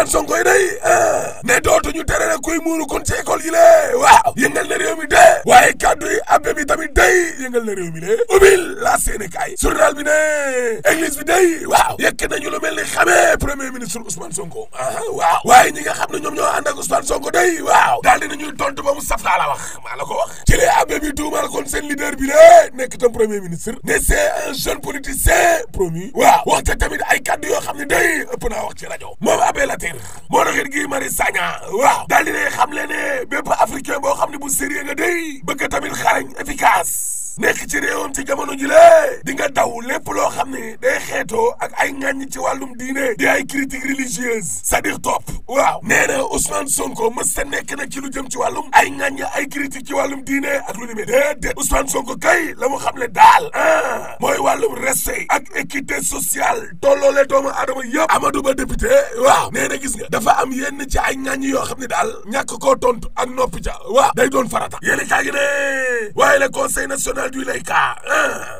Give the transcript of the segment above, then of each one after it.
Ousmane Sonko yi day eh, ne dootuñu tere na kuy muuru kon ci école yi lée waaw yëngal na réew mi de waaye kàddu yi abbé tamit day yëngal na réew mi de ubil la Sénégal journal bi ne église bi day waaw yekk nañu lu mel ni xamee premier ministre Ousmane Sonko aha waaw waaye ñi nga xam ne ñoom ñoo ànd ak Ousmane Sonko day waaw daal dinañuy tontu ba mu saf laa la maa la ko wax ci lee abbé bi tuumal kon seen leader bi lée nekk tam premier ministre ne c'est un jeune xam ne day ëpp naa wax la tey terre moo tax it Guy Marius Sagna daal di ne xam le ne bépp africain boo xam ne bu sérieux nga day bëgg tamit xarañ efficace nekk ci réewam ci jamono ji lée di nga daw lépp loo xam ne day xeetoo ak ay ŋàññ ci wàllum diine di ay critique religieuse c'est-à-dire topp waaw nee na Ousmane Sonko mës nekk nag ci lu jëm ci wàllum ay ŋàññ ay critique ci wàllum diine ak lu ni mel déedéet Ousmane Sonko kay la mu xam ne daal ah mooy wàllum respect ak équité sociale le doomu aadama yëpp amadu Ba député waaw nee gis nga dafa am yenn ci ay ŋàññ yoo xam ne daal ñàkk koo tont ak noppi ja waaw day doon farata yéen kaa gi ne waaye journal du lay ka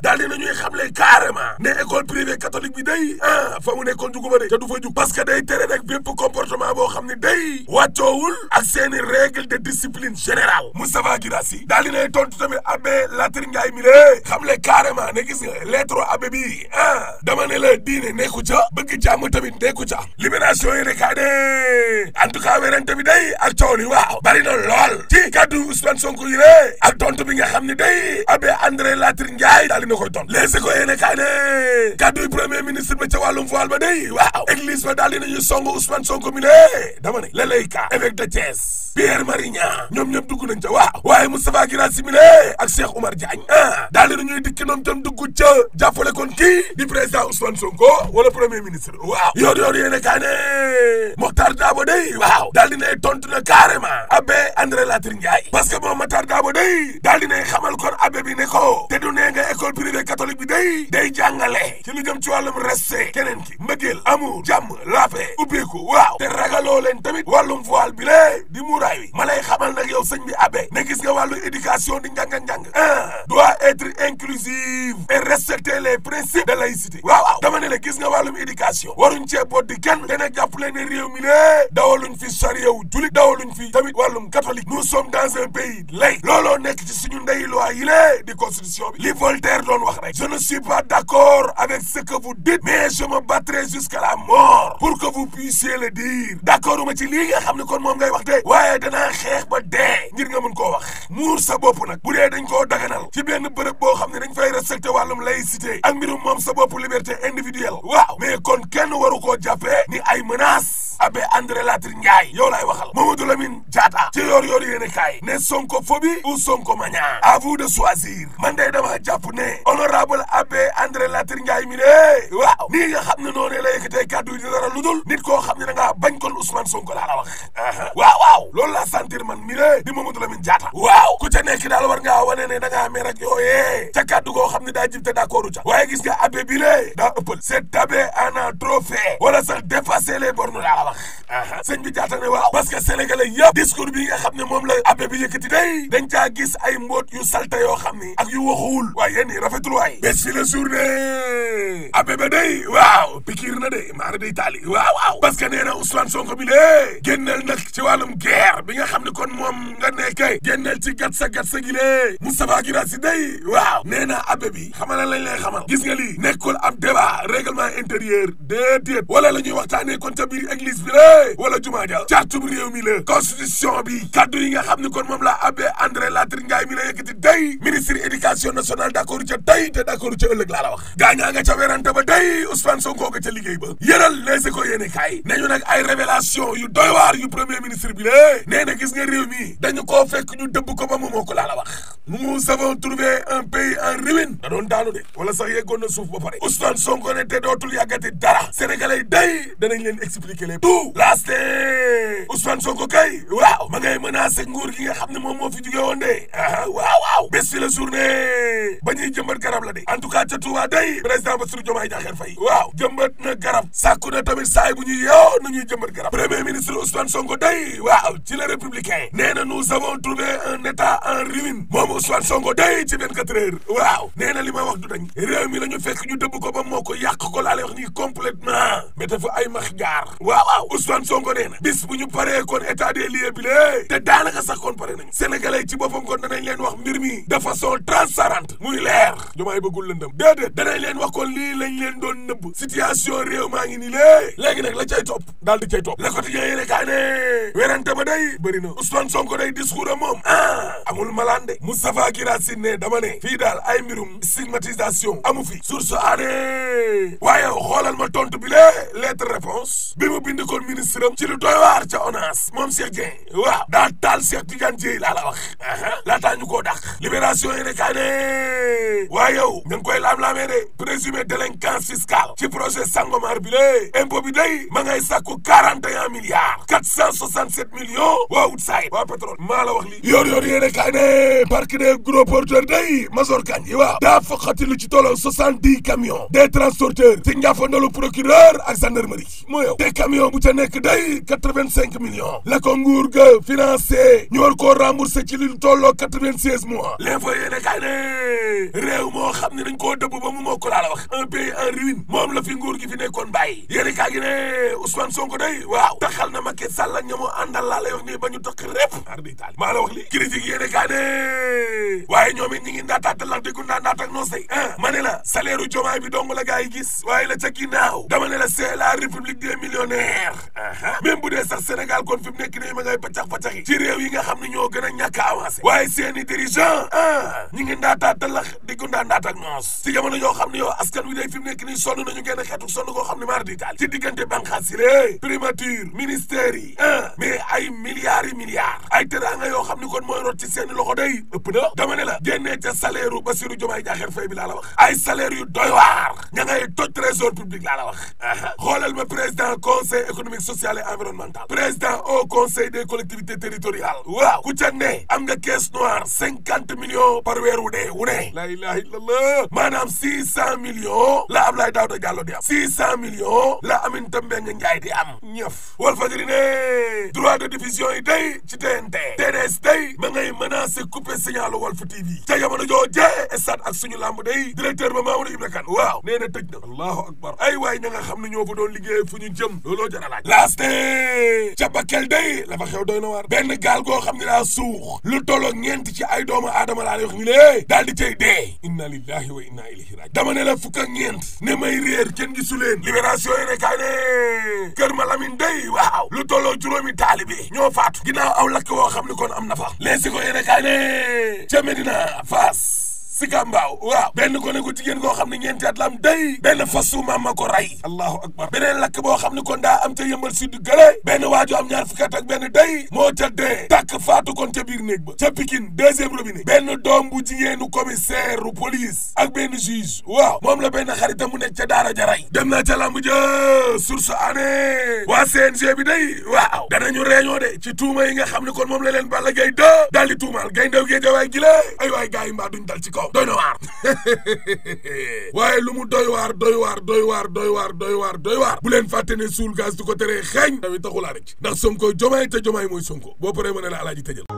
daal dina ñuy xamle carrément ne école privée catholique bi day ah fa mu nekkoon juguma de te du fa jug parce que day tere rek bépp comportement boo xam ne day wàccoowul ak seeni règle de discipline générale Moustapha Guirassy daal dinay tontu tamit abbé Latir Ndiaye mi lée xamle carrément ne gis nga lettre abbé dama ne la diine nekku ca bëgg jàmm tamit nekku ca libération yi rekaa de en tout bi day ak coow waaw bari na lool ci kàddu Ousmane loolee André Latir Ndiaye daal dina koy ton les écoles yéene kaay ne kàdduy premier ministre ba ca wàllum voile ba day waaw église ba daal dinañuy song Ousmane Sonko mi lée dama ne Leleyka évêque de Thiès Pierre Marignan ñoom ñëpp dugg ca waaw waaye Moustapha Guirassy mi lée ak Cheikh Oumar Diagne ah daal dinañuy dikk ñoom tam dugg ca kon kii di président Ousmane Sonko wala premier ministre waaw yoor yoor yéene kaay ne Mokhtar Dabo day waaw daal dinay tontu na carrément abbé André Latir de ko te du nee nga école privée catholique bi day day jàngale ci lu jëm ci wàllum resté keneen ki mbëggeel amour jàmm laafe ubbeeku waaw te ragaloo leen tamit wàllum voile bi lée di muuraay wi ma lay xamal nag yow sëñ bi abbé ne gis nga wàllu éducation di njàng-njàng ah doit être inclusive et respecter les principes de laïcité waaw waaw dama ne la gis nga wàllum éducation waruñ cee boot di kenn te nag jàpp leen ne réew mi lée dawaluñ fi charia wu julit dawaluñ fi tamit wàllum catholique nous sommes dans un weddi constitution bi li Voltaire doon wax rek je ne suis pas d'accord avec ce que vous dites mais je la mort pour que vous puissiez le dire d'accord ma ci lii nga xam ne kon moom ngay wax tey waaye danaa xeex ba dee ngir nga mën koo wax muur sa bopp nag bu dee dañ koo daganal ci benn bërëb boo xam ne dañ fay respecté wàllum laïcité ak mbirum moom sa bopp liberté individuelle waaw mais kon kenn waru koo jàppe ni ay menaces abbé André Latir Ndiaye yow laay waxal Mamadou Lamine Diatta ci yoor yoor yéen kaay ne sonkophobie ou sonkomania à vous de choisir man day dama jàpp honorable abbé André Latir Ndiaye mi de waaw nii nga xam ne noonu la yëkkatee kàddu yi di dara lu dul nit koo xam ne da ngaa bañ kon Ousmane Sonko la wax waaw waaw loolu laa sentir man mi de di Mamadou Lamine Diatta waaw ku ca nekk daal war ngaa wane ne da ngaa mer daa jib te d'accordu ca waaye gis nga abbé bi lee daa ëppal cet abbé en a trop fait wala sax dépassé les bornes laa la wax aha sëñ bi jaata ne waaw parce que sénégalais yëpp discours bi nga xam ne moom la abbé bi yëkkati day dañ caa gis ay mbóot yu salte yoo xam ni ak yu waxuwul waaye yéen ñi rafetul waay bés fi la journée abbé ba day waaw pikiir na de maara day taali waaw waaw parce que Sonko bi lée génneel ci wàllum guerre bi nga xam ne kon moom nga nekkee génneel ci gat sa gat sa gi lée Moustapha Guirassy day waaw nee na abbé lañ lay xamal gis nga lii nekkul ab débat règlement intérieur la ñuy waxtaanee kon jële wala jumaa ja cartub réew mi la constitution bi kaddu yi nga xam ne kon moom la abbé André Latyr Ndiaye mi la yëkkati day ministre éducation nationale d'accord ca tey te d'accord ca ëllëg laa la wax gaañaa nga ca werante ba day Ousmane Sonko nga ca liggéey ba yëral les ko yéene kaay nañu nag ay révélation yu doy waar yu premier ministre bi lée nee na gis nga réew mi dañu koo fekk ñu dëbb ko ba mu moo la wax nous avons trouvé un pays en ruine da doon daanu laas de Ousmane Sonko kay waaw ma ngay menacé nguur gi nga xam ne moom moo fi jóge woon de waaw waaw bés la journée ba ñuy jëmbat garab la de en tout cas ca Touba day président Bassirou Diomaye Diakhar Faye waaw jëmbat na garab sàkku na tamit saay bu ñuy yow nu ñuy jëmbat garab premier ministre Ousmane Sonko day waaw ci la républicain nee na nous avons trouvé état en ruine moom Ousmane Sonko day ci 24 heures waaw nee li ma wax du dañ réew mi la ñu ko ba moo ko ko laa lay wax nii complètement Ousmane Sonko nee na bis bu ñu paree kon état des lieux bi lée te daanaka sax kon pare nañu sénégalais ci boppam kon danañ wax mbir mi de façon transparente muy leer jomaay bëggul lëndëm déedéet danañ wax kon lii lañ doon nëbb situation réew maa ngi nii lée la cay topp daal di cay topp la Quotidien yéene kaa ne werante ba day bëri na Ousmane Sonko day discours a moom ah amul malande Moustapha Guirassy ne dama ne fii ay mbirum stigmatisation amu fi source aane waaye xoolal ma tontu bi lee lettre réponse bi mu bind kon ministre ministre am ci lu doy waar ca ONAS moom Cheikh Dieng waaw daa taal Cheikh Tidiane Dièye laa la wax laataa ñu koo dàq libération yi ne kaa ne waaye yow ñu koy laam-laamee de présumé délinquance fiscale ci projet Sangomar bi lée impôt day ma ngay sàkku 41 waa outside waa pétrole maa la wax li yoor yoor yéene kaa ne parc gros porteurs day Mazor Kane yi waaw daa faqati lu ci tolloo 70 camions des transporteurs ci njàppandalu procureur ak gendarmerie moo yow day quatre-vingt-cinq millions la ko nguur ga financé ñu war koo remboursé ci li quatre-vingt-seize mois l'info yéene kaay ne moo xam ne dañ koo dëbb ba mu moo ko laa la wax un pays en ruine moom la fi nguur gi fi nekkoon bàyyi yéene kaay gi ne Ousmane Sonko day waaw taxal na Macky Sall ak ñamu àndal laa lay wax nii ba ñu tax répp ar di taali maa la wax li critique yéene kaay ne waaye ñoom it ñi ngi ndaataata lante gu ndaa ndaat ak ah, la salaire u jomaay bi dong la gaa yi gis la ca même bu dee sax Sénégal kon fi mu nekk nii ma ngay paccax paccax yi ci réew yi nga xam ne ñoo gën a ñàkk a avancé waaye seeni dirigeant ah ñi ngi ndaataata di gundaa ndaat ak noos si jamono yoo xam ne yow askan wi day fi mu nekk nii sonn nañu genn xeetu sonn koo xam ne maar di taal ci diggante banqaas yi lée primature ministère ah, ay milliards yi milliards ay teraanga yoo xam ne kon mooy rot ci seeni loxo day ëpp na dama ne la génnee ca salaire u Bassirou Diomaye sociale et environnementale président au conseil des collectivités territoriales waaw ku ca am nga caisse noire cinquante par weer wu dee wu ne la ilaha illallah maanaam six cent millions la Abdoulaye da Diallo di am six cent millions la Aminata Mbengue Ndiaye di am ñëf Walfadjri ne droit de diffusion yi day ci TNT TDS day ma ngay menacé couper signal Walf TV ca jamono jooje stade ak suñu lamb day directeur ba Mamadou Ibra Kane waaw nee na tëj na allahu laas de ca Bakel day la fa xew doy na waar benn gaal goo xam ne daa suux lu tolloo ñeent ci ay doomu aadama laa wax ni lée eh, daal di cay dee inna lillahi wa inna ilayhi raji dama ne la fukk ak ne may réer kenn gisu leen libération yi kër ma lamin day waaw lu tolloo juróomi taalibe ñoo faatu ginnaaw aw lakk woo xam ne kon am na fa leesi ko yi rekaay ne ca Medina Fass si Kambaaw waaw benn gone gu jigéen koo xam ne ñeenti at la am day benn fasu maam ma ko rey allahu akbar beneen lakk boo xam ne ko daa am ca yëmbal sud gële benn waaju am ñaar fukki ak benn day moo ca dee tàkk faatu kon ca biir néeg ba ca Pikine deuxième robinet benn doom bu jigéenu commissaire u police ak benn juge waaw moom la benn xaritam mu nekk ca daara ja rey dem naa ca lamb ja source année waa CNG bi day waaw danañu réunion de ci tuuma nga xam ne kon moom la leen Balla Gaye 2 daal di ci kaw ko doy na waar waaye lu mu doy waar doy waar doy waar doy waar doy waar doy waar bu leen fàtte ne suul gaz du ko teree xeeñ dawi taxulaa rek ndax Sonko jomaay te jomaay mooy Sonko boo paree ma ne la alaaji